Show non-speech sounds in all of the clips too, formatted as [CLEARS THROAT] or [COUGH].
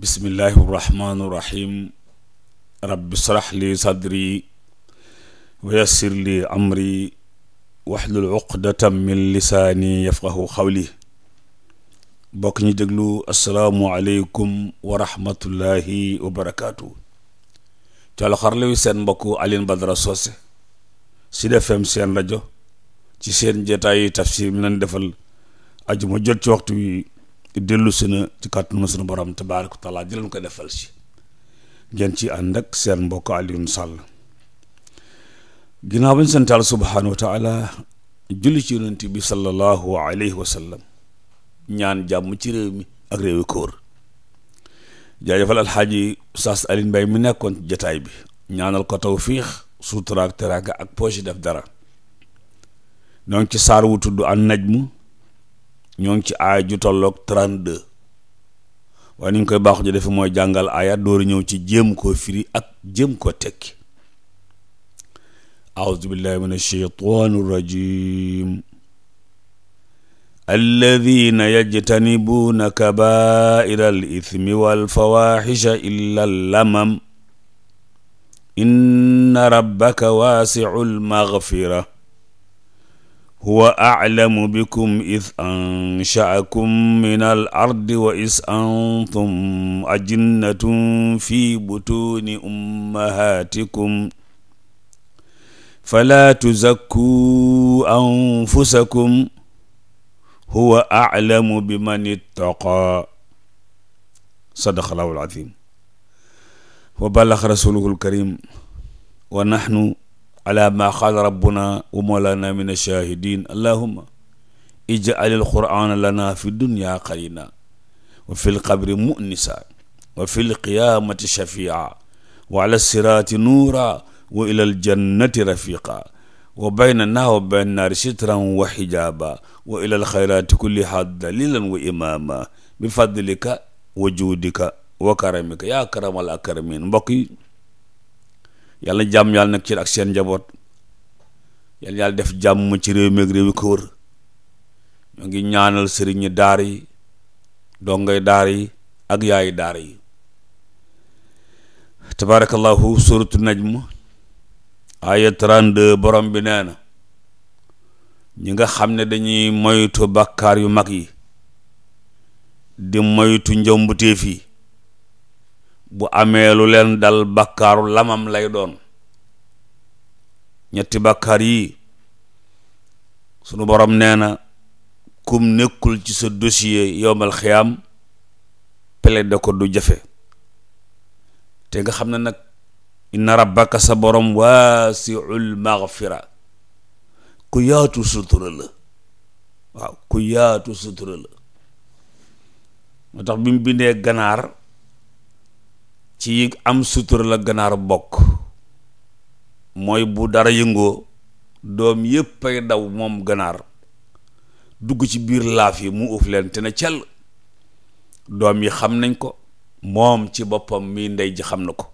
bismillahi irrahmani irrahim rabbi srah li sadri wa li amri waxlul uqdatam min lisaani yafqahu xawli bokk ñu déglu asalaamu aleykum wa rahmatullahi wa barakaatu colo xarle wi seen mbokk Alioune Badara Socé Sud FM seen rajo ci seen jotaayu tafsir mi leen defal aju jot ci waxtu dellu si na ci kàttanu sunu borom tabaaraka wa taala jëleen ko defal si ngeen ci ànd ak seen mbokk Alioune Sall ginnaaw bañ sant Yàlla subhaanahu wa taala julli ci yonent bi sallallahu alayhi wa ñaan jàmm ci réew mi ak réewi kóor jaajëfal alxaaji Saas Alioune Mbaye mi nekkoon ci jataay bi ñaanal ko tawfiix sutura ak teraanga ak poche def dara donc ci saar wu tudd an najmu ñoo ngi ci aaya ju tolloog 32 waaye ni ñu koy baaxu ji defe mooy jàngal aaya ñëw ci jéem koo firi ak jéem koo tekki audu billahi min alsheitan arrajim alladina yajtanibuuna kabaira al ithmi walfawaxisha illa lamam inna rabbaka waasiu lmaghfira huwa aclamu bikum is anshaakum min al ardi wa is antum ajinnatun fi butuni ummahatikum fala tuzakkuu anfusakum huwa aclamu biman ittaqa sadaqa allahu alazim wa balax rasuluhu alkarim wa nahnu ala ma qaala rabbuna wa mawlana min ash-shahidin allahumma ij'al al-qur'ana lana fi dunya qarina wa fi l-qabri mu'nisa wa fi l-qiyamati shafi'a wa ala sirati nuura wa ila al-jannati rafiqa wa baynana wa bayna naari sitran wa hijaba wa ila al-khayrati kulliha dalilan wa imama bi fadlika wa juudika wa karamika ya karamal akramin mbokk yi yàlla jàmm yàlla nag ci ak seen njaboot yàlla yàlla def jàmm ci réew mi ak réew yi ko wër ngi ñaanal sëriñ yi daar yi dongay daar yi ak yaayi daar yi tabaarakallahu suratu najm aya 32 borom bi nee na ñi nga xam ne dañuy moytu bàkkaar yu mag yi di moytu njombuteef yi bu amee lu leen dal bakkaaru lamam lay doon ñetti bakkaar yi sunu borom nee na kum nekkul ci sa dossier yowmal xiyaam plaidé ko du jafe te nga xam na nag inna rabbaka sa borom waasiul maghfira ku yaatu sutura la waaw ku yaatu sutura la moo tax ganaar ci am sutura la ganaar bokk mooy bu dara yëngoo doom yépp ay daw moom ganaar dugg ci biir laaf yi mu uuf leen te doom yi xam nañ ko moom ci boppam mi ndey ji xam na ko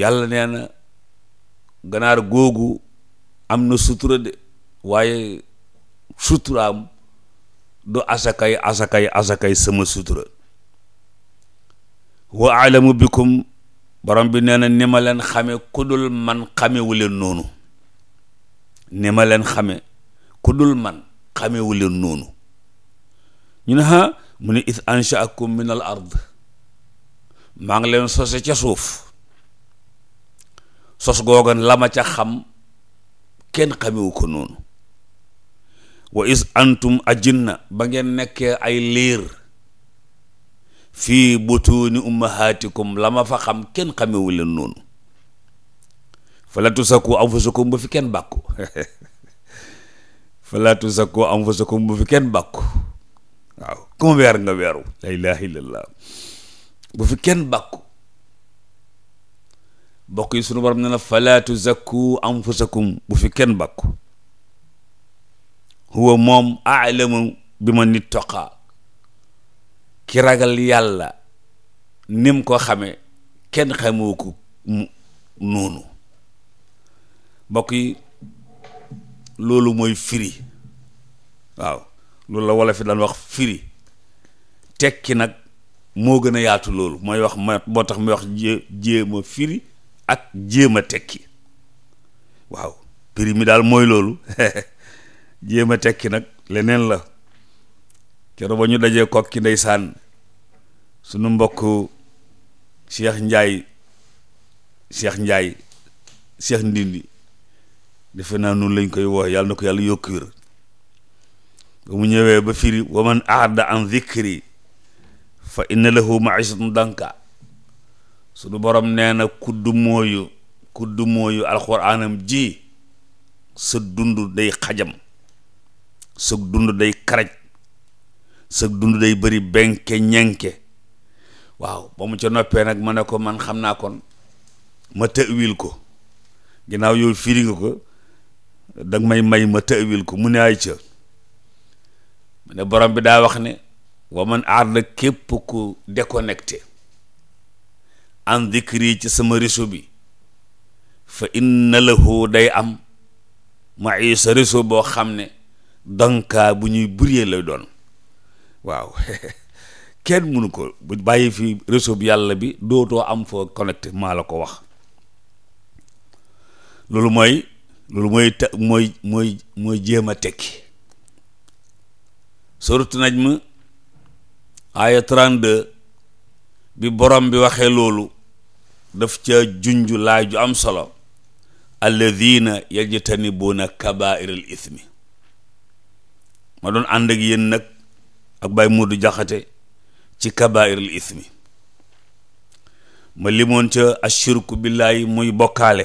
yàlla nee ganaar googu am na sutura de waaye suturam du asakay asakay asakay sama sutura wa aalamu bikum borom bi nee na ni ma leen xame ku dul man xamewu leen noonu ni ma leen xame ku dul man xamewu leen noonu ñu ne ha mu ne is anshaakum min al ard maa ngi leen sose ca suuf sos googan lama ma ca xam kenn xamewu ko noonu wa is antum ajinna ba ngeen nekkee ay liir fii butuuni ummahatikum la fa xam kenn xamewu leen noonu fala tusaku anfusakum bu fi kenn bàkku [LAUGHS] fala tusaku anfusakum bu fi kenn bàkku waaw weer nga weeru la ilaha illallah bu fi kenn bàkku bokk yi sunu borom ne na fala tuzakku anfusakum bu fi kenn bàkku huwa moom aalamu bi ma nit ki ragal yàlla nim ko xame kenn xamoo ko noonu mbokk yi loolu mooy firi waaw loolu la wolof yi daan wax firi tekki nag moo gën a yaatu loolu mooy wax ma moo tax muy wax jé jéem a firi ak jéem a tekki waaw firi mi daal mooy loolu [LAUGHS] jéem a tekki nag leneen la keroog ba ñu dajee kokki ndeysaan sunu mbokk Cheikh Ndiaye Cheikh Ndiaye Cheikh defe naa noonu lañ koy woowe yàlla na ko yàlla yokk wér ba mu ñëwee ba firi wa man an dhikri fa inna lahu maishatan danka sunu borom nee na kuddu mooyu kuddu mooyu alxuraanam ji sa dund day xajam sa dund day karaj sa dund day bëri benke ñenke waaw ba mu ca noppee nag ma ne ko man xam naa kon ma wil ko ginnaaw yow firi ko danga may may ma tëwil ko mu ne ay ca mu ne borom bi daa wax ne wa man aarda képp ku déconnecté an dikri ci sama réseau bi fa inna lahu day am ma isa réseau boo xam ne donka bu ñuy buree lay doon waaw [LAUGHS] kenn mënu ko bu bàyyi fi réseau bi yàlla bi dootoo am foo connecté maa la ko wax loolu mooy loolu mooy te mooy mooy mooy jéem a tekki sourate Najm aaya 32 bi borom bi waxee loolu def ca junj laaj ju am solo alladina yajtanibuuna kabairal ithmi ma doon ànd ak yéen nag ak Baye du Jaxate ci kabairul ismi ma limoon ca ashirku billaahi muy bokkaale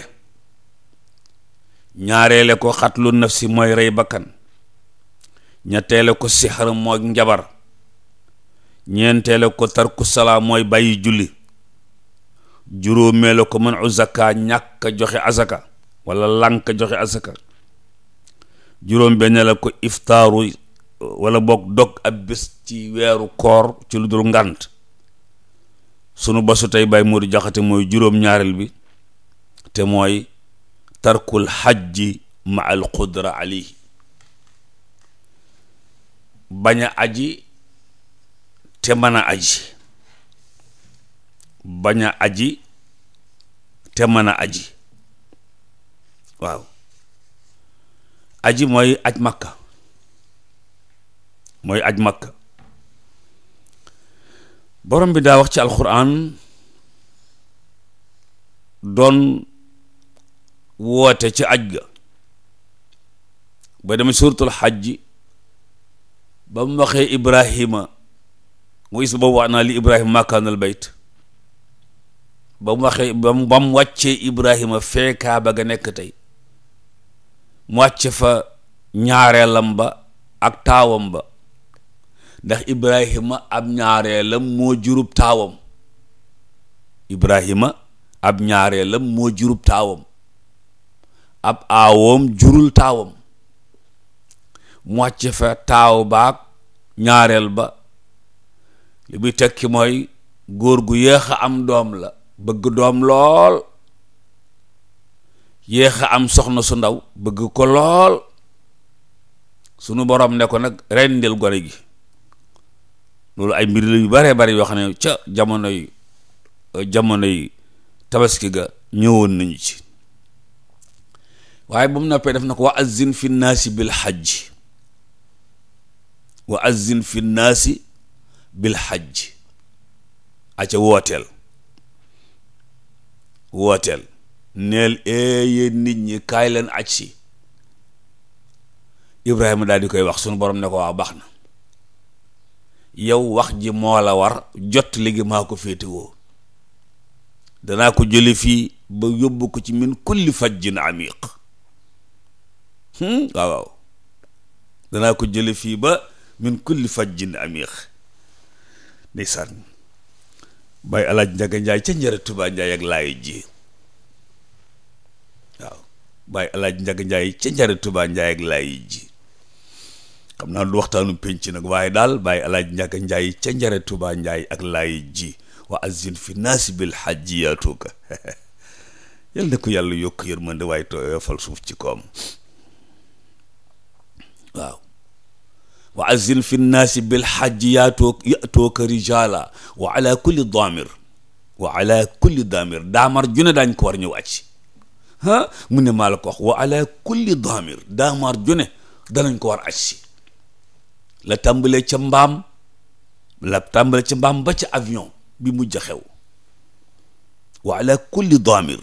ñaareele ko xatlu nafsi mooy rey bakkan ñetteele ko sixar mooy njabar ñeenteele ko tarku mooy bàyyi julli juróomeele ko manu zakka ñàkk joxe asaka wala lànk joxe asaka juróom benn la ko iftaaru walla boog dog ab bés ci weeru koor ci lu dul ngànt sunu basu tey Baye Modou Jaxate mooy juróom-ñaareel bi te mooy tarkul xajji ma al qudra alayhi bañ aji te mën a aji aji waaw aji mooy aj makka mooy aj makka borom bi daa wax ci alxuraan doon woote ci aj ga ba dem suuratul xajj ba mu waxee ibrahima wa iz bawwa'naa li ibrahima makaanal bayt ba mu waxee ba mu ba mu wàccee ibrahima fee kaaba ga nekk tey mu wàcce fa ñaareelam ba ak taawam ba ndax ibrahima ab ñaareelam moo jurub taawam ibrahima ab ñaareelam moo jurub taawam ab aawoom jurul taawam mu wàcc fa taaw baag ñaareel ba li muy ki mooy góor gu yéex a am doom la bëgg doom lool yéexa am soxna su ndaw bëgg ko lool sunu boroom ne ko nag rendil gone gi loolu ay mbir la yu baree bari yoo xam ne ca jamonoy euh, jamonoy tabaski ga ñëwoon nañu ci waaye ba mu noppee def na ko wa azzin fi naasi bil xajj wa azzin naasi bil xajj aca wooteel wooteel neel yéen nit ñi kaay leen aj si Ibrahima daal di koy wax sunu borom ne ko waaw baax na yow wax ji moo la war jot léegi maa ko féetewoo danaa ko jële fii ba yóbbu ko ci min kulli fajjin amiq hmm? waaw waaw danaa ko jële fii ba min kulli fajjin amiq ndeysaan bàyyi alaaj njaga njaay ca njëre tubaa njaay ak laay ji waaw bàyyi alaaj njaga ca njëre tubaa ak laay ji xam naa lu waxtaanu penc nag waaye daal bàyyi alaaj njàkka njaay ca njare tubaa njaay ak laay ji wa azin fi naasi bil hajji yaatuuka [LAUGHS] yàlla yokk suuf ci koom waaw wa azin fi naasi rijaala wa ala kulli daamir daamar ju ne daañ ko war ñu wàcc ah mu ne maa la ko wax wa ala kulli daamir daamar ju ne danañ ko war aj la tàmbalee ca mbaam la tàmbalee ca mbaam ba ci avion bi mujj xew wa ala kulli daamir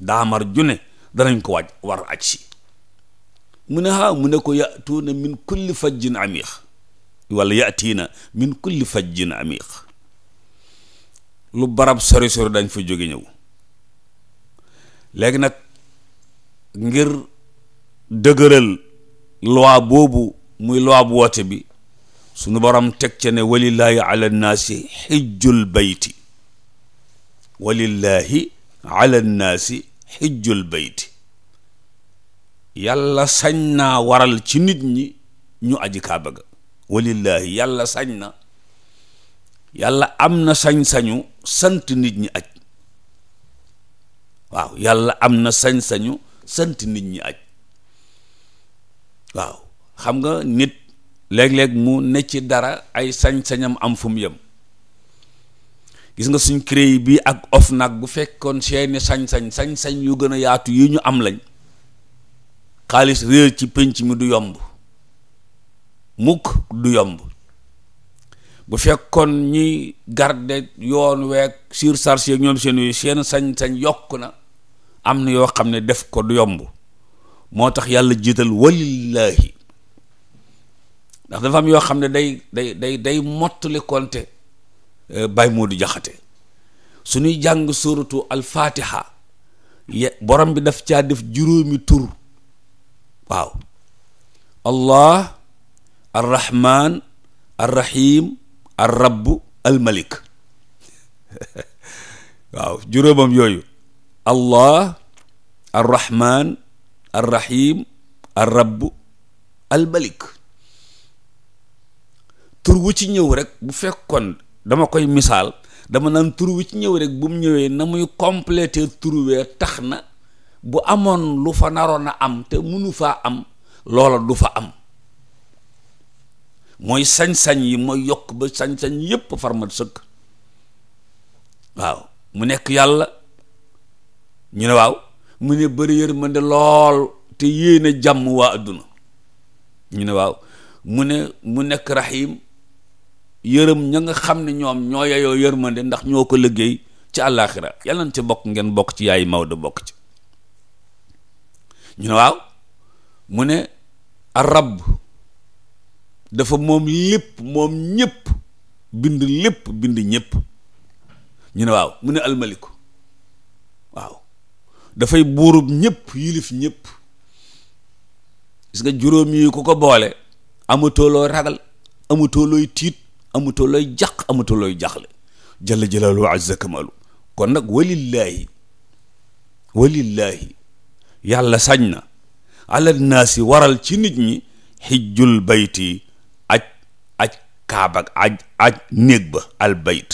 daamar june danañ ko waaj war aj si mu ne haa mu ne ko yatuuna min kulli fajjin amiq wala yatiina min kulli jin amiq lu barab sori sori dañ fa jóge ñëw léegi nag ngir dëgëral loi boobu muy loi bu woote bi sunu borom teg ca ne walillaahi ala nnaasi xijjul bayti walillaahi ala nnaasi xijjul bayti yàlla sañ na waral ci nit ñi ñu aji kaaba ga walillaahi yàlla sañ na yàlla am na sañ-sañu sant nit ñi aj waaw yàlla am na sañ-sañu sant nit ñi aj waaw xam nga nit léeg-léeg mu ne ci dara ay sañ-sañam am fu mu gis nga suñ CREI bi ak nag bu fekkoon seeni sañ-sañ sañ-sañ yu gën a yaatu yi ñu am lañ xaalis réer ci pénc mi du yomb mukk du yomb bu fekkoon ñi garde yoon weeg surcharge yeeg ñoom seen seen sañ-sañ yokk na am na yoo xam ne def ko du yomb moo tax yàlla jiital wallaahi ndax dafa yoo xam ne day day day day mottali euh, bay moo Modou Jaxate suñuy jàng suratu al-Fatiha borom bi daf caa def juróomi tur waaw allah arrahman arrahim arrabb almalik [LAUGHS] waaw juróomam yooyu allah arrahman arrahim arrabb almalik tur wu ci ñëw rek bu fekkoon dama koy misaal dama naan tur wu ci ñëw rek bu mu ñëwee na muy complété tur tax na bu amoon lu fa naroon a am te mënu faa am loola du fa am mooy sañ-sañ yi mooy yokk ba sañ-sañ yépp farmat sëkk waaw mu nekk yàlla ñu ne waaw mu ne bëri yërmande lool te yéene jàmm waa ñu ne mu ne mu nekk rahim yërëm ña nga xam ne ñoom ñoo yeyoo yërmande ndax ñoo ko liggéey ci àllaaxira yàlla na bokk ngeen bokk ci yaay Maodo bokk ci ñu ne waaw mu ne arab dafa ñëpp bind lépp bind ñëpp ñu ne waaw mu ne almaliku waaw dafay buurub ñëpp yilif ñëpp gis nga juróom yi ku ko boole amatoo ragal amatoo tiit amutoo looy jàq amutoo looy jàxle jalla jalaalu azza kamalu kon nag walillaahi walillaahi yàlla sañ na ala naasi waral ci nit ñi xijjul bayti aj aj kaabak aj aj néeg ba al bayt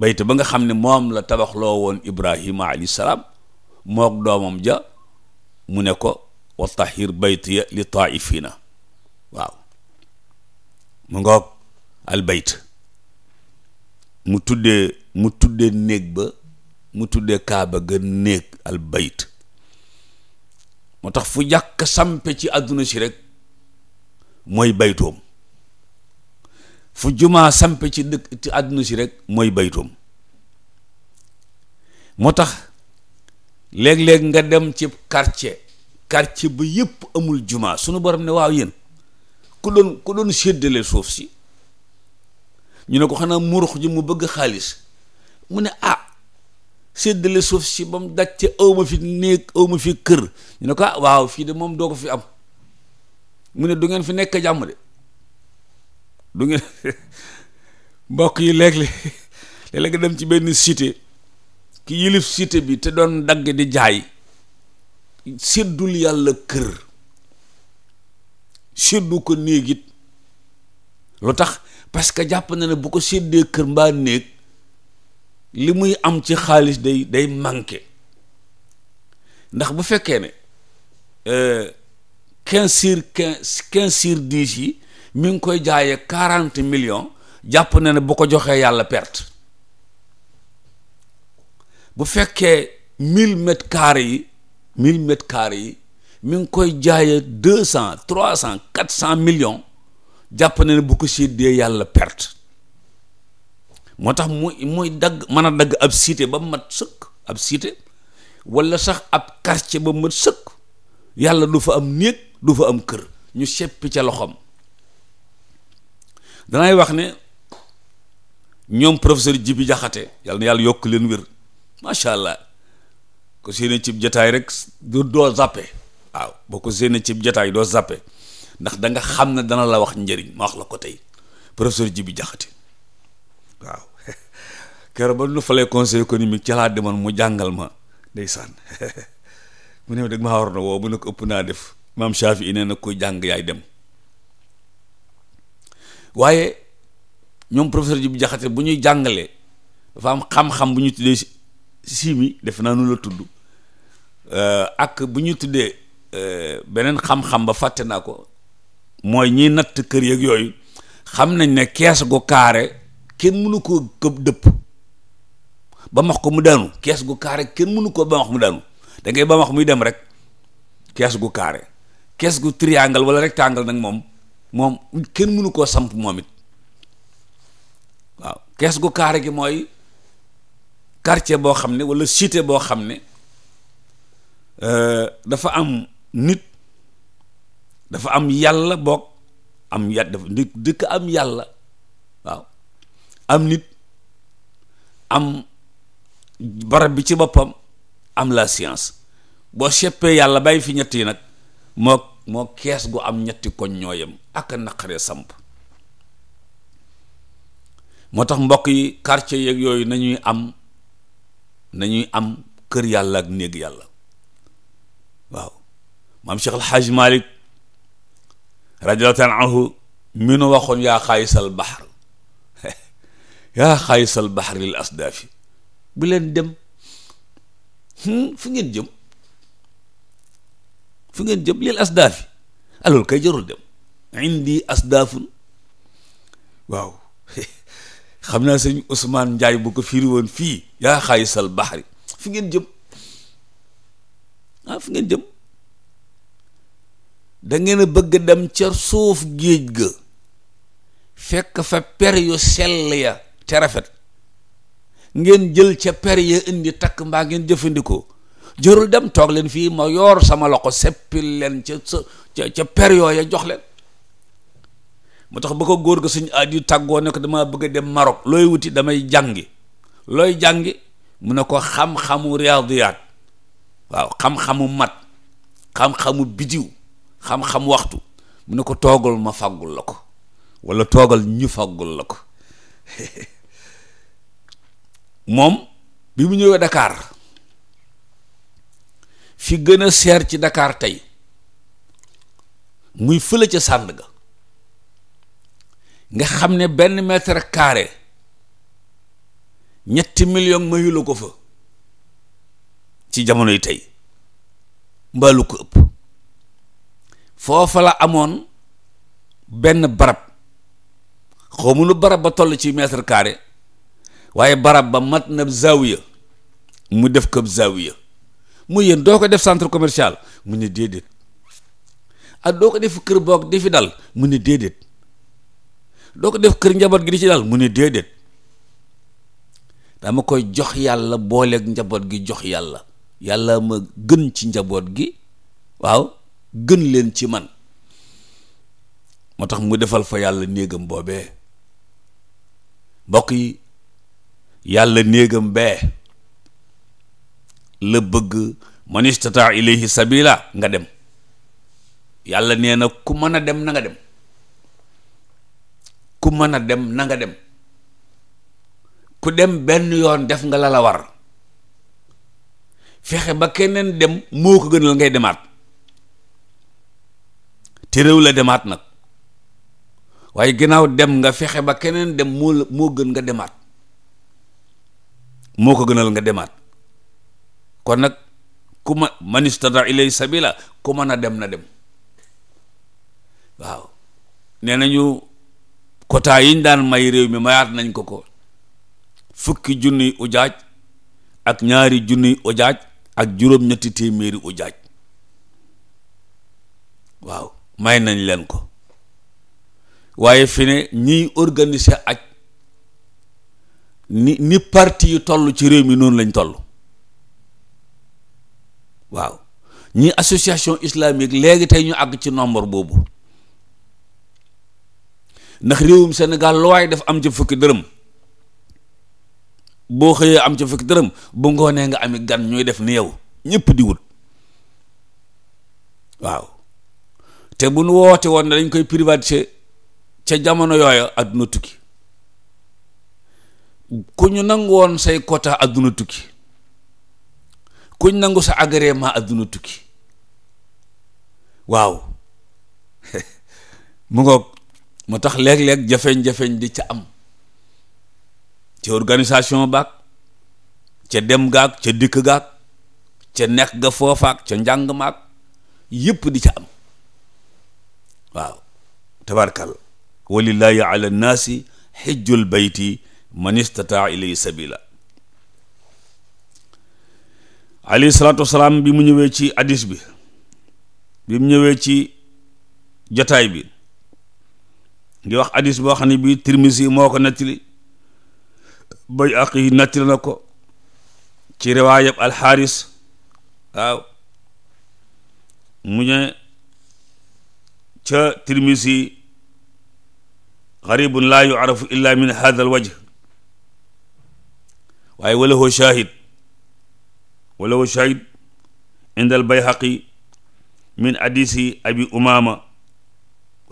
bayt ba nga xam ne moom la tabaxloo woon ibrahima alayhi salaam mook doomam ja mu ne ko wa tahir baytiya li taifina waaw mu ngoog albayt mu tuddee mu tuddee néeg ba mu tuddee kaaba ga néeg albayt moo tax fu jàkk sampe ci àdduna si rek mooy baytoom fu jumaa sampe ci dëkk ci àdduna si rek mooy baytoom moo tax léeg-léeg nga dem ci quartier quartier ba yëpp amul jumaa sunu borom ne waaw yéen ku doon ku doon séddale suuf si ñu ne ko xanaa murux ji mu bëgg xaalis mu ne ah séddale suuf si ba mu daj ci awma fi néeg awma fi kër ñu ne ko ah waaw fii de moom doo ko fi am mu ne du ngeen fi nekk jàmm de du ngeen [LAUGHS] mbokk yi léeg-léeg léeg dem ci benn cité ki yilif cité bi te doon dagg di jaay séddul yàlla kër séddu ko néegit lu tax parce que jàpp na ne bu ko séddee kër mbaa néeg li muy am ci xaalis day day manqué ndax bu fekkee ne euh, quinze sur quinze quinze sur dix yi mi ngi koy jaayee quarante millions jàpp na ne bu ko joxee yàlla perte bu fekkee mille mètres carrés yi mille mètres carrés yi mu ngi koy jaaye deux cent trois cent quatre cent millions jàpp na ne bu ko dee yàlla perte moo tax mu muy dagg mën a dagg ab cité ba mu mat sëkk ab cité walla sax ab quartier ba mat sëkk yàlla du fa am néeg du fa am kër ñu seppi ca loxoom danay wax ne ñoom professeur Jibi Jaxate yàlla yàlla yokk leen wér macha allah ko séenee cib jataay rek doo zappe waaw boo ko séenee cib jataay doo zappe ndax danga xam na dana la wax njëriñ ma wax la ko tey professeur Djibi Diakhaté waaw [LAUGHS] keroog ba nu falee conseil économique ci laa demoon mu jàngal ma ndeysaan [LAUGHS] mu ne dëgg maa war na woo mu ne ko ëpp naa def maam Shafi nee na koy jàng yaay dem waaye ñoom professeur Djibi Diakhaté bu ñuy jàngalee dafa am xam-xam bu ñu tuddee chimie def naa nu la tudd euh, ak bu ñu tuddee euh, beneen xam-xam ba fàtte naa ko mooy ñiy natt kër yeeg yooyu xam nañ ne kees gu kaare kenn mënu koo këb dëpp ba max ko mu daanu kees gu kaare kenn mënu koo ba mu daanu da ngay ba max muy dem rek kees gu kaare kees gu triangle wala rectangle nag moom moom kenn mënu koo samp moom it waaw kees gu kaare gi mooy quartier boo xam ne wala cité boo xam ne euh, dafa am nit dafa am yàlla boog am ya dafa dëkk am yàlla waaw am nit am barab bi ci boppam am la science boo seppee yàlla bàyyi fi ñett nag moo moo kees gu am ñetti koñ ñooyam ak naqaree samp moo tax mbokk yi quartier yeeg yooyu nañuy am nañuy am kër yàlla ak néeg yàlla waaw maam Cheikh Al Hadj radiallahu taala anhu mi nu waxoon yaa xaayisal baxar [LAUGHS] yaa xaayisal baxar lil asdaafi bu leen dem hmm, fu ngeen jëm fu ngeen jëm lil asdaafi alors ah, kay jarul dem indi asdaafun waaw [LAUGHS] xam naa sëñ Ousmane Ndiaye bu ko firi woon fii yaa xaayisal baxari fu ngeen jëm ah fu ngeen jëm dangeen a bëgg dem ca suuf géej ga fekk fa per yu sell ya te rafet ngeen jël ca per ya indi takk mbaa ngeen jëfandikoo jërul dem toog leen fii ma yoor sama loxo seppil leen ca ca ca per yooya jox leen moo tax ba ko góor ga suñ aad yu tàggoo ne ko dama bëgg a dem Maroc looy wuti damay jàngi looy jàngi mu ne ko xam-xamu riyaadiyaat waaw xam-xamu mat xam-xamu bidiw xam-xam waxtu mu ne ko toogal ma faggul la ko wala toogal ñu faggul la ko [LAUGHS] moom bi mu ñëwee Dakar fi gën a seer ci Dakar tey muy fële ca sànd ga nga xam ne benn mètre carré ñetti million mayu la ko fa ci jamono yi tey mbaalu ko ëpp foofa la amoon benn barab xawma lu barab ba toll ci mètre carré waaye barab ba mat na zawiya mu def ko zawiya mu yéen doo ko def centre commercial mu ne déedéet ak doo ko def kër boog di fi dal mu ne déedéet doo ko def kër njaboot gi di ci dal mu ne déedéet dama koy jox yàlla booleeg njaboot gi jox yàlla yàlla ma gën ci njaboot gi waaw gën leen ci man moo tax mu defal fa yàlla néegam boobee mbokk yi yàlla néegam bee la bëgg man istata ilayhi sabila nga dem yàlla nee na ku mën a dem na nga dem ku mën a dem na nga dem ku dem benn yoon def nga la la war fexe ba keneen dem moo ko gënal ngay demaat terew la demaat nag waaye ginnaaw dem nga fexe ba keneen dem moo la moo gën nga demaat moo ko gënal nga demaat kon nag ku ma man istada ilay sabila ku mën a dem na dem waaw nee nañu quota yiñ daan may réew mi mayaat nañ ko ko fukki junniy ujaaj ak ñaari junniy ujaaj ak juróom-ñetti téeméeri ujaaj waaw may nañ leen ko waaye fi ne ñiy organiser aj ni ni parti yu toll ci réew mi noonu lañ toll waaw ñi association islamique léegi tey ñu àgg ci nombre boobu ndax réewum Sénégal lu waaye def am ca fukki dërëm boo xëyee am ca fukki dërëm bu ngoonee nga ami gan ñuy def ni yow ñëpp di wut waaw te bu nu woote woon ne dañ koy privatiser ca jamono yooyu adduna tukki ku ñu nangu woon say quota adduna tukki ku nangu sa agrément adduna tukki waaw [LAUGHS] mu ngoog mu tax léeg-léeg jafeeñ jafeñ di ca am ca organisation baag ca dem gaag ca dikk gaag ca nekk ga foofaak ca njàng maag yëpp di ca am waaw tabarkal walillahi ala nnaasi xijjul beyti man istataa ilayhi sabila alayhi salaatu wasalaam bi mu ñëwee ci adis bi bi mu ñëwee ci jataay bi ngi wax hadis boo xam ne bi tirmisi moo ko nettali bay àq yi ko ci riwaayab alxaaris waaw mu ne ca tirmisi garibun laa yucrafu illa min hada alwajh waaye walahu shahid walahu shahid inda albayhaqi min hadisi abi umama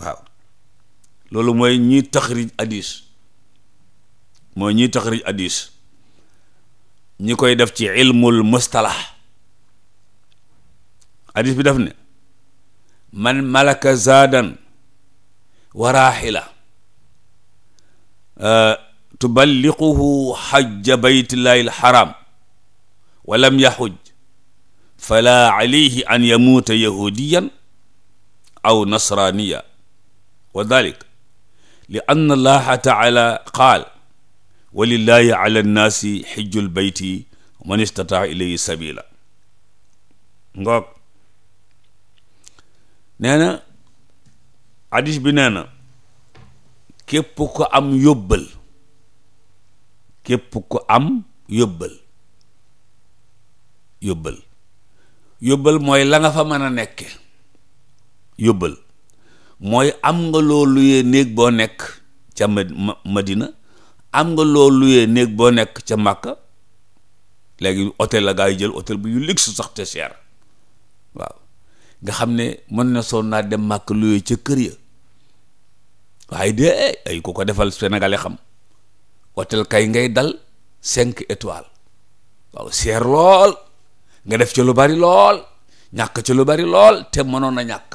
waaw loolu mooy ñi taxrij hadis mooy ñi taxrij hadis ñi koy def ci ilmul mustalah adis bi def ne man malaka zaadan wa raaxila tuballiquhu xajja baytillahi alxaram wa lam yaxuj fala alayhi an yamuuta yahudiyan aw nasraniya wa dalik li anna allaha taala qaal walillahi ala nnaasi xijjul beyti man istataa ilayhi sabila ngoog nee na hadis bi nee na képp ko am yóbbal képp ko am yóbbal yóbbal yóbbal mooy la nga fa mën a nekke yóbbal mooy am nga loo luyee néeg boo nekk ca Madina am nga loo luyee néeg boo nekk ca màkk léegi hôtel la gaa yi jël hôtel bu yu luxe sax te cher waaw nga xam ne mën na soon naa dem màkk luye ca kër ya waaye de eh, ay ku ko defal sénégalais xam hôtel kay ngay dal cinq étoiles waaw seer lool nga def ci lu bari lool ñàkk ci lu bari lool te mënoon a ñàkk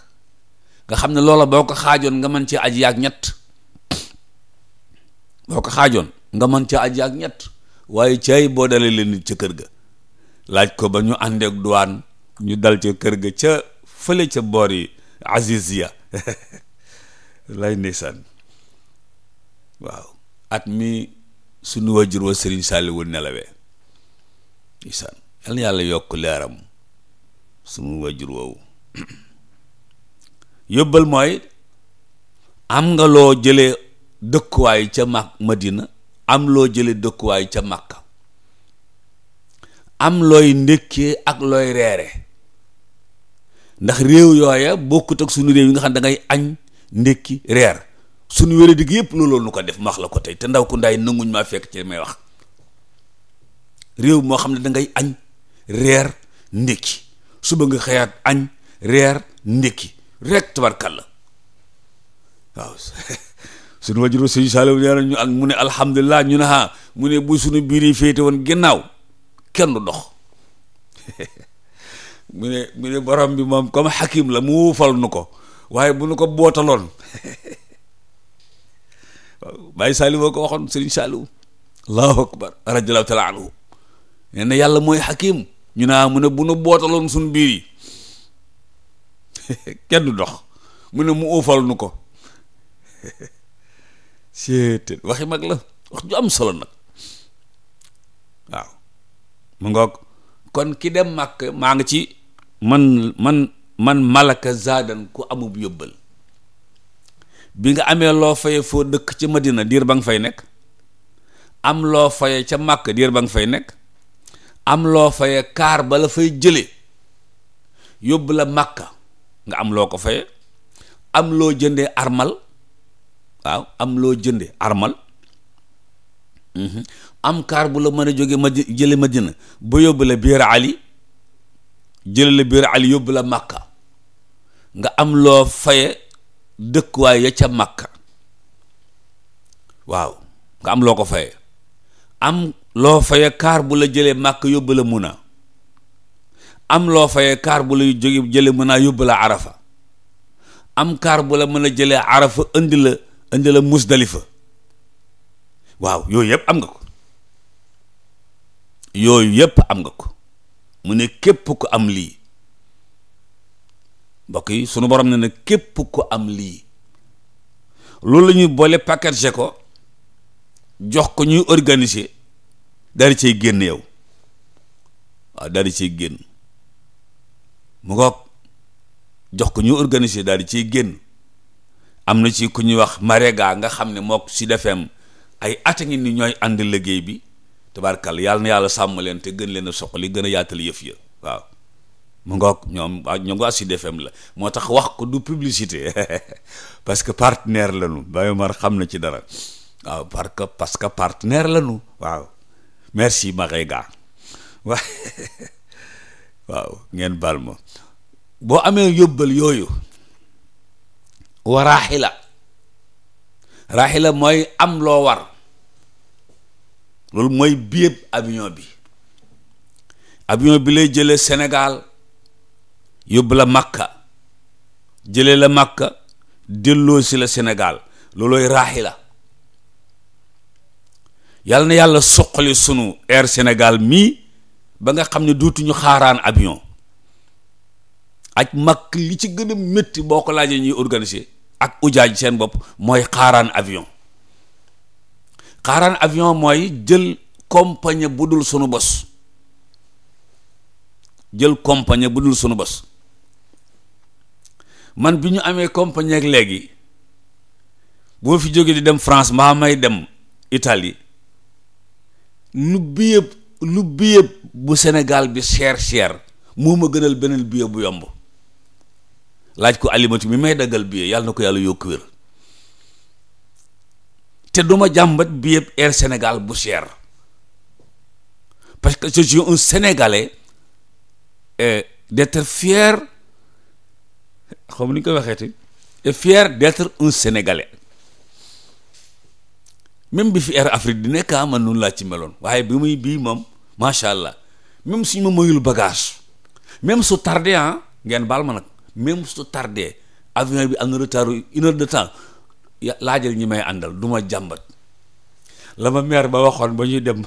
nga xam ne loola boo ko xaajoon nga mën ci aj yaag ñett boo ko xaajoon nga mën ca aj yaag ñett waaye cay boo dalee leen nit ca kër ga laaj ko ba ñu àndeek duwaan ñu dal ca kër ga ca fële ca boor yi Azizia [LAUGHS] lay ndeysaan waaw at mi sunu wajur wa Sëriñ Saaliwu nelawee ndeysaan yal na yàlla yokk leeram sunu wajur woowu [CLEARS THROAT] yóbbal mooy am nga loo jëlee dëkkuwaay ca mag Madina am loo jële dëkkuwaay ca Makka am looy ndékkee ak looy reere ndax réew yooya bokkut ak sunu réew yi nga xam da ngay añ ndékki reer suñu wére digg yëpp looloolu nu ko def maax la ko tey te ndaw ku ndaay nanguñ maa fekk ci may wax réew moo xam ne dangay añ reer ndékki suba nga xëyaat añ reer ndékki rek tabarkàlla waaw [LAUGHS] suñu wajuro sëñ Saliou nee nañu ak mu ne alhamdulilah ñu ne ha mu ne bu sunu biir yi féete woon gennaaw kenn dox [LAUGHS] mu ne mu ne borom bi moom comme xakim la mu wuufal nu ko waaye bu nu ko bootaloon [LAUGHS] bàyyi Saliou boo ko waxoon Serigne Saliou allahu akbar radiyallahu taala anhu yàlla mooy xakim ñu naa mu ne bu nu bootaloon suñ biir yi [LAUGHS] kenn du dox mu ne mu uufal nu ko [LAUGHS] seetal waxi mag la wax ju am solo nag waaw mu ngoog kon ki dem màkk maa ngi ci man man man malaka zaadan ku amub yóbbal bi nga amee loo faye foo dëkk ca madina diir ba nga fay nekk am loo faye ca màkk diir ba nga fay nekk am loo faye kaar ba fay jële yóbbu la nga am loo ko faye am loo jëndee armal waaw am loo jënde armal mhm. am kaar bu la mën a jóge ma jële madina ba yóbbu la biir ali jëlale biir ali yóbbu la màkka nga am loo faye dëkkuwaay ya ca màkka waaw nga am loo ko faye am loo faye kaar bu la jëlee màkka yóbbu la muna am loo faye kaar bu la jóge jële muna yóbbu la arafa am kaar bu la mën a jëlee arafa indi la indi la musdalifa waaw yooyu yëpp am nga ko yooyu yëpp am nga ko mu ne képp ku am lii mbokk yi sunu borom ne na képp ku am lii loolu la ñuy boole packagé e ko jox ko ñuy organiser daal di génn yow waaw daal di génn mu ngoog jox ko ñuy organiser daal di génn am na ci ku ñuy wax Marega nga xam ne mook si defeem ay at a ngi ni ñooy ànd liggéey bi tubaarkàll yàlla na yàlla sàmm leen te gën leen a soqali gën a yaatal yëf ya waaw mu ngoog ñoom waa ñoom waa Sud la moo tax wax ko du publicité [LAUGHS] parce que partenaire la ñu Baye xam na ci dara waaw parce que partenaire la ñu waaw merci Maguette Ga [LAUGHS] waaw ngeen baal ma boo amee yóbbal yooyu wa raaxila raaxila mooy am loo war loolu mooy billet avion bi avion bi lay jële Sénégal yóbbu la Makka jëlee la Makka delloo si la Sénégal loolooy raaxi la yàlla na yàlla suqali sunu air Sénégal mii ba nga xam ne dootuñu xaaraan avion ak mag li ci gën a métti boo ko laajee ñuy organiser ak ujaaj seen bopp mooy xaaraan avion xaaraan avion mooy jël compagnie bu dul sunu bos jël compagnie bu dul sunu bos man bi ñu amee compagnie ak léegi bu ma fi jógee di dem France mbaa may dem Italie lu billet lu billet bu Sénégal bi cher cher moo a gënal beneen billet bu yomb laaj ko alimatu mi may daggal billet yàlla na ko yàlla yokk te duma jàmbat bi yëpp Air Sénégal bu cher parce que je suis un Sénégalais et euh, fier xam ni ñu koy waxeeti et fier d'être un Sénégalais même bi fi Air Afrique di nekk ah man noonu laa ci meloon waaye bi muy bii moom macha allah même suñu ma mayul bagage même su tardé ah ngeen baal ma nag même su tardé avion bi am na retard une de temps laajal ñi may àndal duma jàmbat la meer ba waxoon ba ñuy dem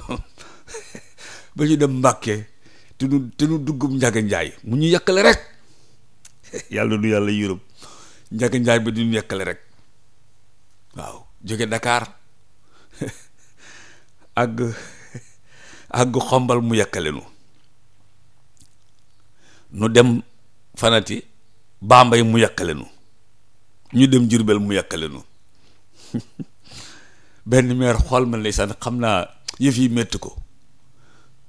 [LAUGHS] ba dem Mbàkke te nu te nu duggub njaga njaay mu ñu yàkkale rek [LAUGHS] yàlla du yàlla yërëm njaga njaay ba du ñu yekkale rek waaw jóge ndakaar [LAUGHS] àgg àgg xombal mu yekkale nu nu dem fanati Bambey mu yekkale nu ñu dem Jurbel mu yekkale nu [LAUGHS] benn meer xool ma ndeysaan xam naa yëf yi metti ko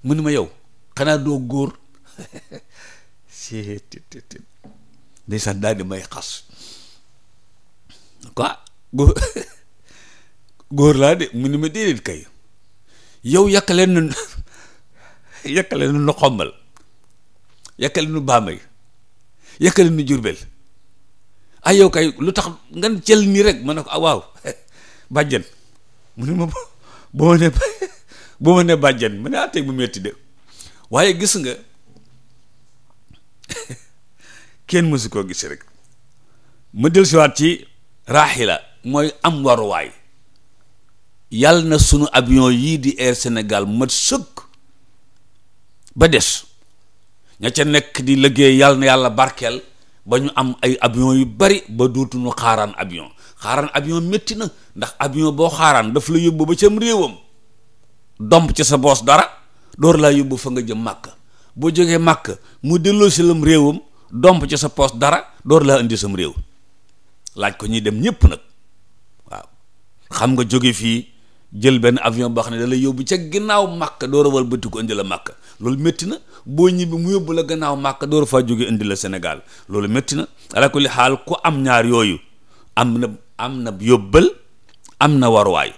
mu ni ma yow xanaa doo góor [LAUGHS] si tit ndeysaan di may xas quoi [LAUGHS] góor laa de mu ni ma déedéet kay yow yàkkale nu yàkkale nu nu xombal yàkkale nu baamay yàkkale nu jurbel ah yow lu tax nga jël nii rek ma ne ko ah waaw [LAUGHS] bàjjen mu ne ma ba ma ne ba bàjjen ma ne ah bu metti de waaye gis nga [LAUGHS] kenn mësu koo gis rek ma dellusiwaat ci raaxila mooy am waruwaay yàlla na sunu avion yii di Air Sénégal mat sëkk ba des ña ca nekk di liggéey yàlla na yàlla barkeel ba ñu am ay avion yu bari ba dootuñu xaaraan avion xaaraan avion métti na ndax avion boo xaaraan daf la yóbbu ba ca réewam domp ca sa boos dara door laa yóbbu fa nga jëm màkk boo jógee màkk mu delloo si lam réewam domp ca sa poos dara door laa indi sam réew laaj ko ñuy dem ñépp nag waaw xam nga jóge fii jël benn avion boo xam ne da yóbbu ca gannaaw màkk door a wëlbati ko indi la màkk loolu metti na boo ñibbi mu yóbbu la gannaaw màkk dooru faa jóge indi la Sénégal loolu métti na ala kulli xaal ku am ñaar yooyu am na am na yóbbal am na waruwaay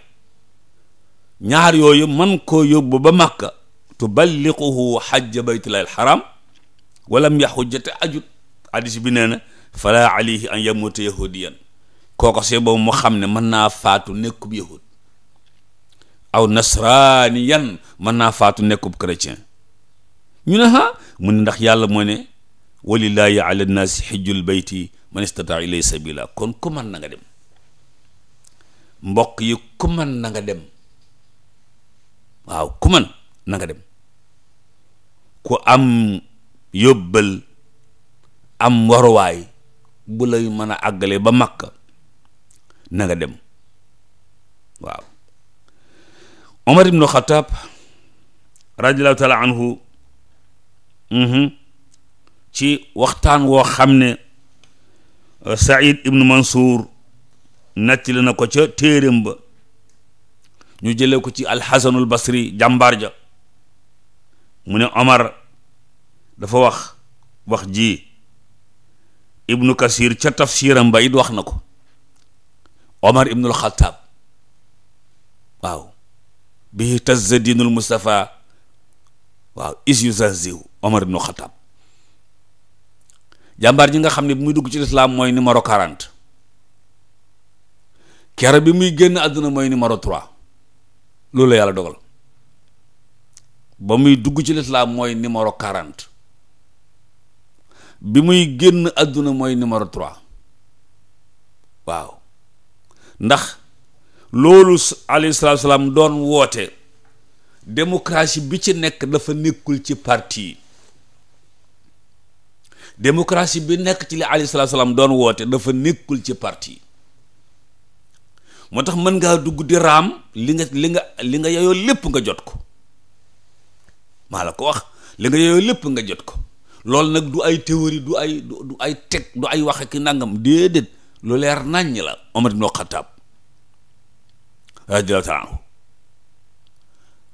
ñaar yooyu man koo yóbbu ba màkka tuballiquhu xajja baytillahi alxaram walam yaxujjate ajut hadis bi neena na fala alayhi an yamuta yahudiyan ne mën naa faatu nekkub aw nasraani yan mën naa faatu nekkub chrétien ñu ne ha mu ne ndax yàlla moo ne walillaahi ala nnaasi xijjul bayti man istataa ilay sabila kon ku mën na dem mbokk yi ku mën na dem waaw ku mën na dem ku am yóbbal am waruwaay bu lay mën a àggale ba makka na dem waaw omar ibnu xataab radiallahu taala anhu mhm, ci waxtaan woo xam ne euh, said ibnu mansour nettali na ko ca téeram ba ñu jëlee ko ci alxasanul basri jàmbaar ja mu ne omar dafa wax wax ji ibnu kasir ca tafsiram ba it wax na ko omar ibnul xataab waaw bi tazza diinul Mustafa waaw is yu zaziw Omar ibnu Xataab jàmbaar ji nga xam ne bi muy dugg ci lislaam mooy numéro 40 kere bi muy génn àdduna mooy numéro 3 loolu la yàlla dogal ba muy dugg ci lislaam mooy numéro 40 bi muy génn àdduna mooy numéro 3 waaw ndax loolu alayhi salaatu salaam doon woote démocratie bi ci nekk dafa nekkul ci parti yi bi nekk ci li alayhi salaatu salaam doon woote dafa nekkul ci parti moo tax mën ngaa dugg di raam li nga li nga li nga yeyoo lépp nga jot ko maa la ko wax li nga yeyoo lépp nga jot ko loolu nag du ay théorie du ay du ay teg du ay wax ak i nangam déedéet lu leer naññ la Omar ibn Khattab radiallahu taala anhu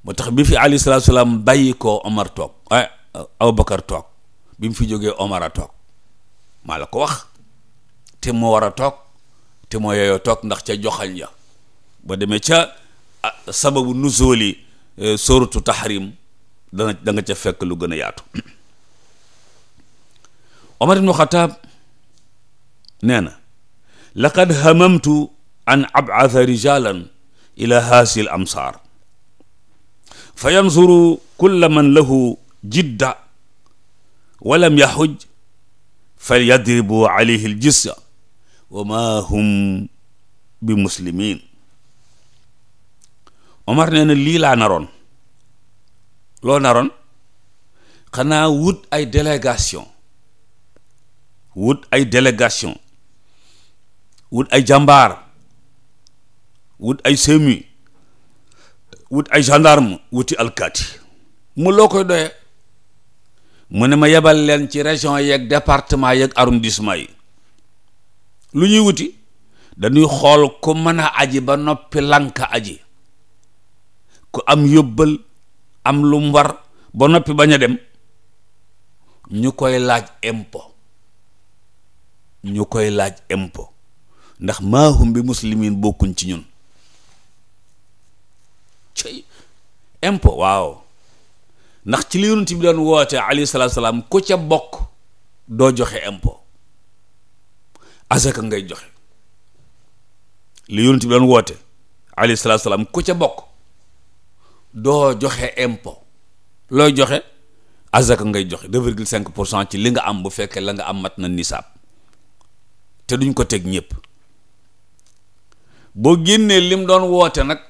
moo tax bi fi alayhi salatu salaam bàyyi koo omar toog ay eh, abubakar toog bi mu fi jógee omar a toog maa la ko wax te moo war a toog te moo yeyoo toog ndax ca joxañ ja ba demee ca ah, sababu nuzuli eh, sóoratu taxrim dana da nga ca fekk lu gën a yaatu [CLEARS THROAT] omar ibnu xataab nee na laqad hamamtu an ab'atha rijalan ila haasil amsaar fa yansuru kulla man lahu jidda walam yaxuj fal yadribu alayhi ljissa wa ma hum bi muslimin Omar nee na lii laa naroon loo naroon xanaa wut ay délégation wut ay délégation wut ay jàmbaar wut ay semi wut ay gendarme wuti alkaati mu loo koy doyee mu ne ma yebal leen ci région yeeg département yeeg arrondissement yi lu ñuy wuti dañuy xool ku mën a aji ba noppi lank aji ku am yóbbal am lu mu war ba noppi bañ a dem ñu koy laaj impo ñu koy laaj impo ndax maahum bi muslimin bokkuñ ci ñun cey impo waaw ndax ci li yonent bi doon woote alayhi salaam ku ca bokk doo joxe impo asaka ngay joxe li yonent bi doon woote alayhi salaatu salaam ku ca bokk doo joxe impo looy joxe asaka ngay joxe de virgule cinq pour cent ci li nga am bu fekkee la nga am mat na nisaab te duñ ko teg ñëpp boo génnee lim doon woote nag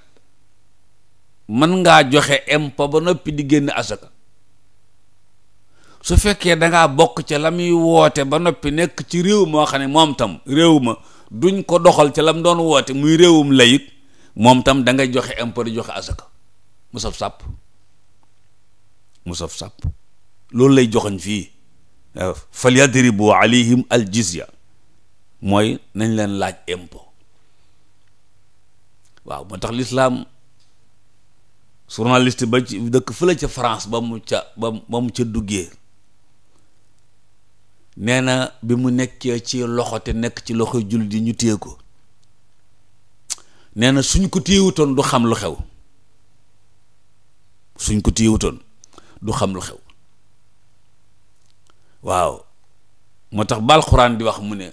mën ngaa joxe impo ba noppi di génn asaka su fekkee dangaa bokk ca la muy woote ba noppi nekk ci réew moo xam ne moom tam réew ma duñ ko doxal ca la mu doon woote muy réewum layit moom tam da ngay joxe impo di joxe asaka mu saf sàpp mu saf loolu lay joxañ fii falyadribu alayhim al jizya mooy nañ leen laaj impo waaw moo tax lislaam journaliste ba ci dëkk fële ca France ba mu ca ba mu ca duggee nee na bi mu nekkee ci loxo te nekk ci loxo jullit yi ñu téye ko nee na suñ ko téyewutoon du xam lu xew suñ ko téyewutoon du xam lu xew waaw moo tax ba alxuraan di wax mu ne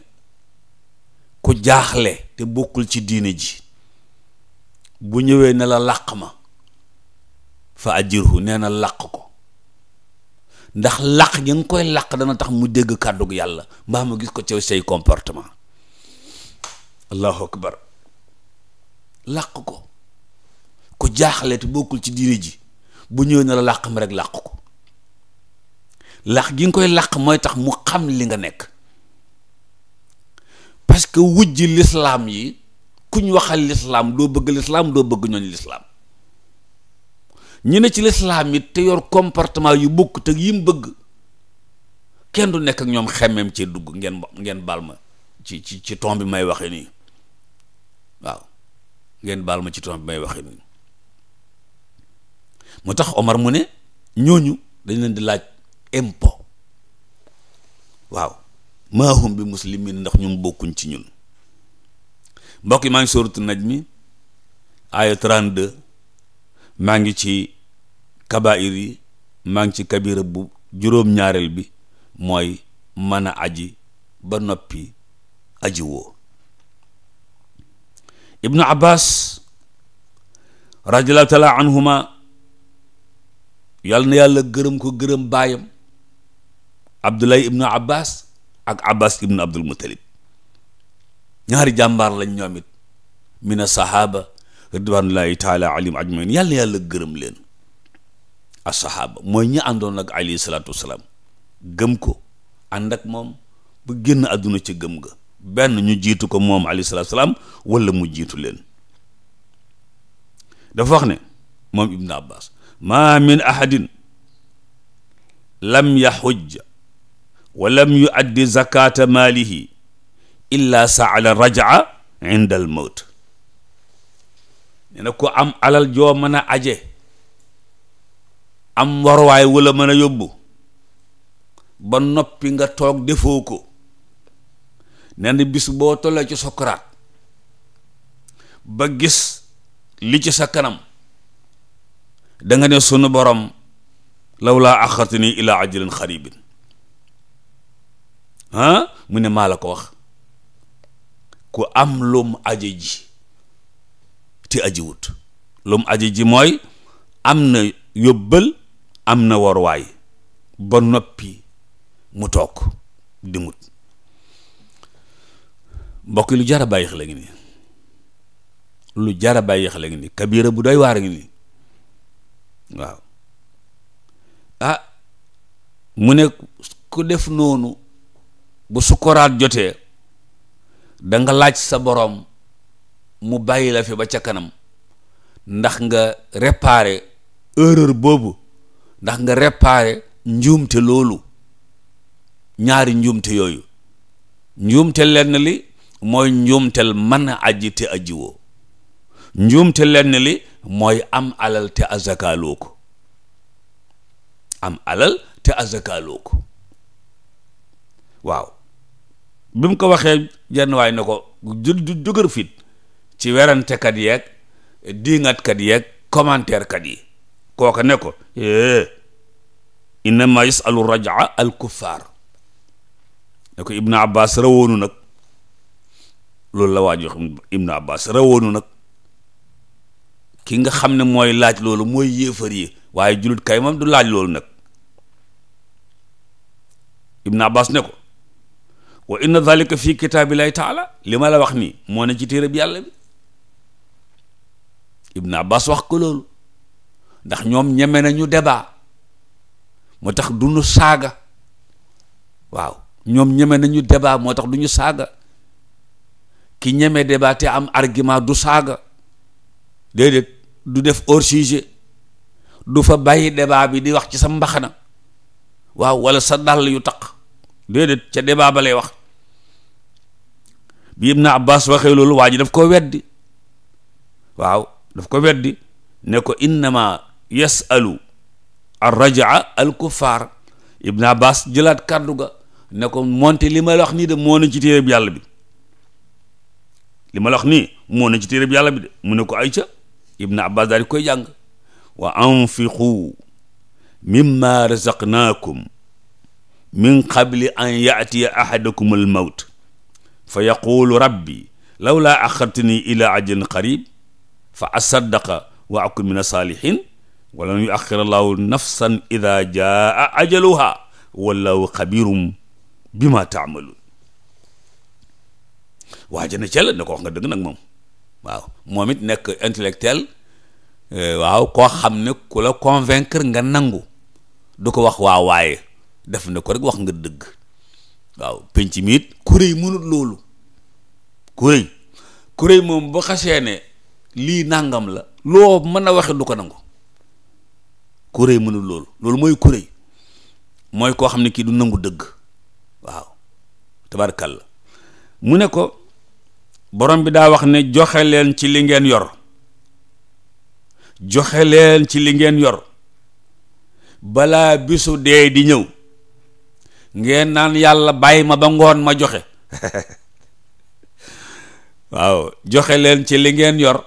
ku jaaxle te bokkul ci diine ji bu ñëwee ne la làq ma fa ajirhu nee na làq ko ndax làq gi nga koy làq dana tax mu dégg kàddug yàlla mbaa ma gis ko ci say comportement allahu akbar làq ko ku jaaxle te bokkul ci diine ji bu ñëwee na la làq ma rek làq ko làq gi nga koy làq mooy tax mu xam li nga nekk parce que wujj lislaam yi kuñ waxal lislaam doo bëgg lislaam doo bëgg ñooñ lislaam ñu ne ci lislaam it te yor comportement yu bukk te yim bëgg kenn du nekk ak ñoom xemeem ci dugg ngeen ngeen baal ma ci ci ci ton bi may waxe nii waaw ngeen baal ma ci ton bi may waxe nii mu tax Omar mu ne ñooñu dañ leen di laaj impôt waaw maahum bi muslimin ndax ñun bokkuñ ci ñun mbokk maa ngi sóoratu naj mi aaya 32 maa ngi ci kabaayir yi maa ngi ci kabira bu juróom-ñaareel bi mooy mën aji ba noppi aji woo ibnu abbas radiallahu taala anhuma yàlla na yàlla gërëm ko gërëm baayam abdullahi ibnu abbas ak abbas ibnu abdul muttalib ñaari jàmbaar lañ ñoom it mina sahaaba ridwanullahi taala ajmain yàlla na yàlla gërëm leen asahaba mooy ñi àndoon ak alayhi salaatu gëm ko ànd ak moom bu génn àdduna ci gëm ga benn ñu jiitu ko moom alayhi salaatu wasalaam wala mu jiitu leen dafa wax ne moom ibnu abbas ma min ahadin lam yaxujja wa lam yuaddi zakata maalihi illa saala rajaa inda al mawt na ko am alal joo mën aje am waruwaay wala mën a yóbbu ba noppi nga toog defoo ko nee na bis boo tollee ci sokaraat ba gis li ci sa kanam danga ne sunu borom law laa axartani ilaa ajalin xaribin ah mu ne maa la ko wax ku am lum aje ji te ajiwut lum aje ji mooy am na yóbbal am na waruwaay ba noppi mu toog di mut mbokk lu jar bàyyi xel ngi ni lu jara a bàyyi xel ngi ni kabira bu doy waar ngi ni waaw ah mu ne ku def noonu bu su ko sukkoraat jotee da nga laaj sa boroom mu bàyyi la fi ba ca kanam ndax nga réparer erreur boobu ndax nga réparé njuumte loolu ñaari njuumte yooyu njuumte lenn li mooy njuumtel man aji te ajiwoo njuumte lenn li mooy am alal te azakaaloo ko am alal te azakaaloo ko waaw bi mu ko waxee jenn waay na ko du dëgër fit ci werantekat yeeg diingatkat yeeg commentaire kat yi kooka ne ko é eh, innama yasalu rajaa al kuffar ne ko ibnu abbas rawoonu nag loolu la waa jox ibnu abbas rawoonu nag ki nga xam ne mooy laaj loolu mooy yéefar yi waaye julut kay moom du laaj loolu nag ibnu abbas ne ko wa inna dalika fi kitaabillahi taala li la wax ni moo ne ci téereb yàlla bi ibnu abbas wax ko loolu ndax ñoom ñeme nañu débat moo tax du ñu saaga waaw ñoom ñeme nañu débat moo tax du ñu saaga ki ñeme débat te am argument du saaga déedéet du def hors sujet du fa bàyyi débat bi di wax ci sa mbaxana waaw walla sa dàll yu taq déedéet ca débat ba lay wax bi Ibn Abbas waxee loolu waa ji daf ko weddi waaw daf ko weddi ne ko innama yasalu ar rajaa al kuffar ibn abbas jëlaat kàddu ga ne ko moonte li ma la wax nii de moo na ci téereb yàlla bi li ma la wax nii moo na ci téereb yàlla bi de mu ne ko ayca ibn abbas daal di koy jàng wa anfiqu mimma razaqnaakum min qabli an yaatiya ahadakum al mawt fa yaqulu rabbi lawlaa axartani ila ajalin qarib fa asaddaqa wa akun min asalihin wala nu yuaxira llahu nafsan ida jaa ajaluha wallahu xabirum bi ma taamaluun waajana cell ne ko wax nga dëgg nag moom waaw moom it nekk intellectuel eh, waaw koo xam ne ku la nga nangu du ko wax waa waaye def na ko rek wax nga dëgg waaw penc mi it kuréy mënut loolu kuréy kuréy moom ba xasee ne lii nangam la loo mën a waxe du ko nangu ku rëy mënul loolu loolu mooy ku mooy koo xam ne kii du nangu dëgg waaw tabarkalla mu ne ko borom bi daa wax ne joxe leen ci li yor joxe leen ci li ngeen yor balaa bisu dee di ñëw ngeen naan yàlla bàyyi ma ba ngoon ma joxe [LAUGHS] waaw joxe leen ci li ngeen yor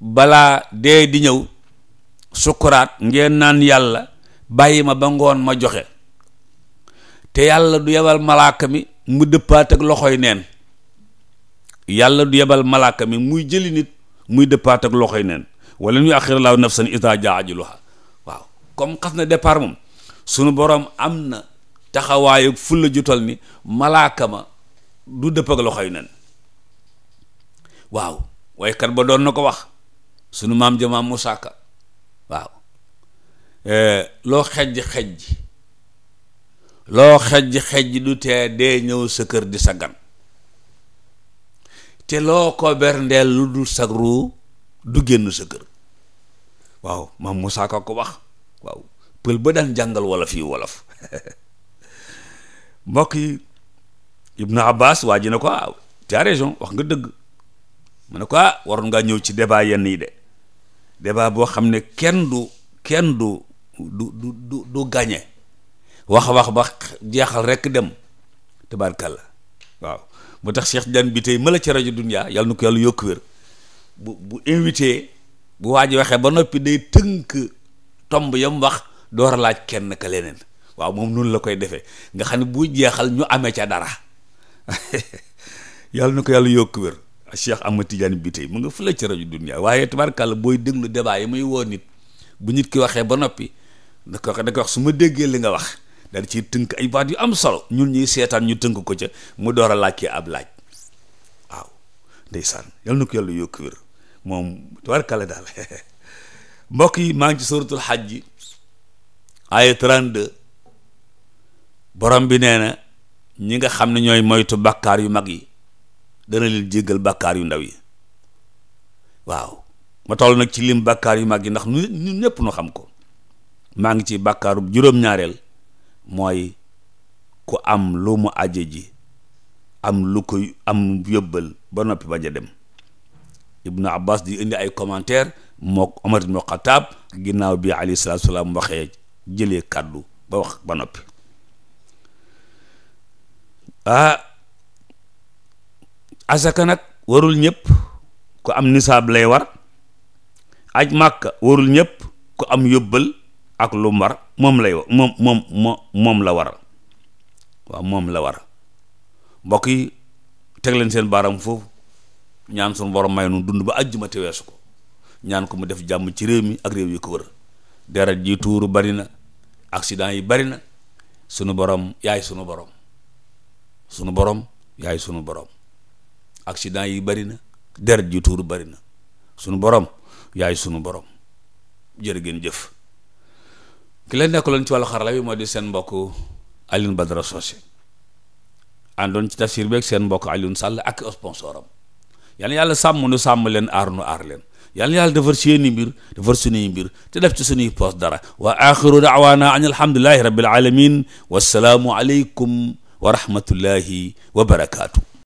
balaa dee di ñëw sukuraat ngeen naan yàlla bàyyi ma ba ngoon ma joxe te yàlla du yebal malaaka mi mu dëppaat ak loxoy neen yàlla du yebal malaaka mi muy jëli nit muy dëppaat ak loxoy neen wala ñu axira laahu nafsan idaa jaa waaw comme xas na départ sunu boroom am na taxawaayu fulla jutal ni malaaka du dëpp loxoy neen waaw ba doon na ko wax sunu maam jamaam musaaka waaw eh, loo xejj xejj loo xejj xejji du tee dee ñëw sa kër di sa gan te loo ko berndeel lu dul sag ruu du génn sa kër waaw maam Moussa ko wax waaw pël ba daan jàngal wolof yi wolof [LAUGHS] mbokk yi Ibnu Abbas waa ji ne ko ah tu as raison wax nga dëgg mu ne ko ah waroon ngaa ñëw ci débat yenn yi de débat boo xam ne kenn du kenn du du du du du gagné wax wax ba jeexal rekk dem la waaw moo tax Cheikh Diagne bi tey a ci rajo Dunya yàlla na ko yàlla yokk wér bu bu invité bu waa ji waxee ba noppi day tënk tomb yam wax door a laaj kenn ka leneen waaw moom noonu la koy defee nga xam ne bu jeexal ñu amee ca dara [LAUGHS] yàlla na ko yàlla yokk wér Cheikh Ahmad Tidiane bi tey mu nga fële ci rajo dunia waaye tabarkàlla booy déglu débat yi muy woo nit bu nit ki waxee ba noppi da ko da wax su ma déggee li nga wax ci tënk ay baat yu am solo ñun ñuy seetaan ñu tënk ko ca mu door a laajkee ab laaj waaw ndeysaan yal na ko yàlla yokku wér moom tabarkàlla daal [LAUGHS] mbokk yi maa ngi ci suratul xajji aaya 32 borom bi nee na ñi nga xam ne ñooy moytu bàkkaar yu mag yi dana leen jéggal bàkkaar yu ndaw yi waaw ma toll nag ci lim bàkkaar yu mag yi ndax nu ñu ñëpp nu xam ko maa ngi ci bàkkaaru juróom-ñaareel mooy ku am lu mu aje ji am lu koy am yóbbal ba noppi bañ a dem ibnu abbas di indi ay commentaire moo omar ibnu xataab ginnaaw bi alayhi salaatu waxee jëlee kàddu ba wax ba noppi ah, asaka nag warul ñëpp ku am nissaab lay war aj màkka warul ñëpp ku am yóbbal ak lu war moom lay moom moom moom la war waaw moom la war mbokk yi teg leen seen baaram foofu ñaan suñu borom may nu dund ba àjjuma te weesu ko ñaan ko mu def jàmm ci réew mi ak réew yi ko wër deret ji tuuru bari na accident yi bari na sunu borom yaay sunu borom sunu borom yaay sunu borom accident yi bari na deret ji tuur bari na sunu borom yaay sunu borom jërë geen jëf ki la loon ci wàllu xarala bi moo di seen mbokk Alioune Badara Socé àndoon ci tafsir beeg seen mbokk Alioune Sall ak sponsoram yal na yàlla sàmm nu sàmm leen ar nu aar leen yal na yàlla defar seeni mbir defar sunuy mbir te def ci sunuy poos dara wa axiru daawaana an alhamdulillahi rabbil alamin wassalaamu aleykum wa rahmatullahi wa barakaatu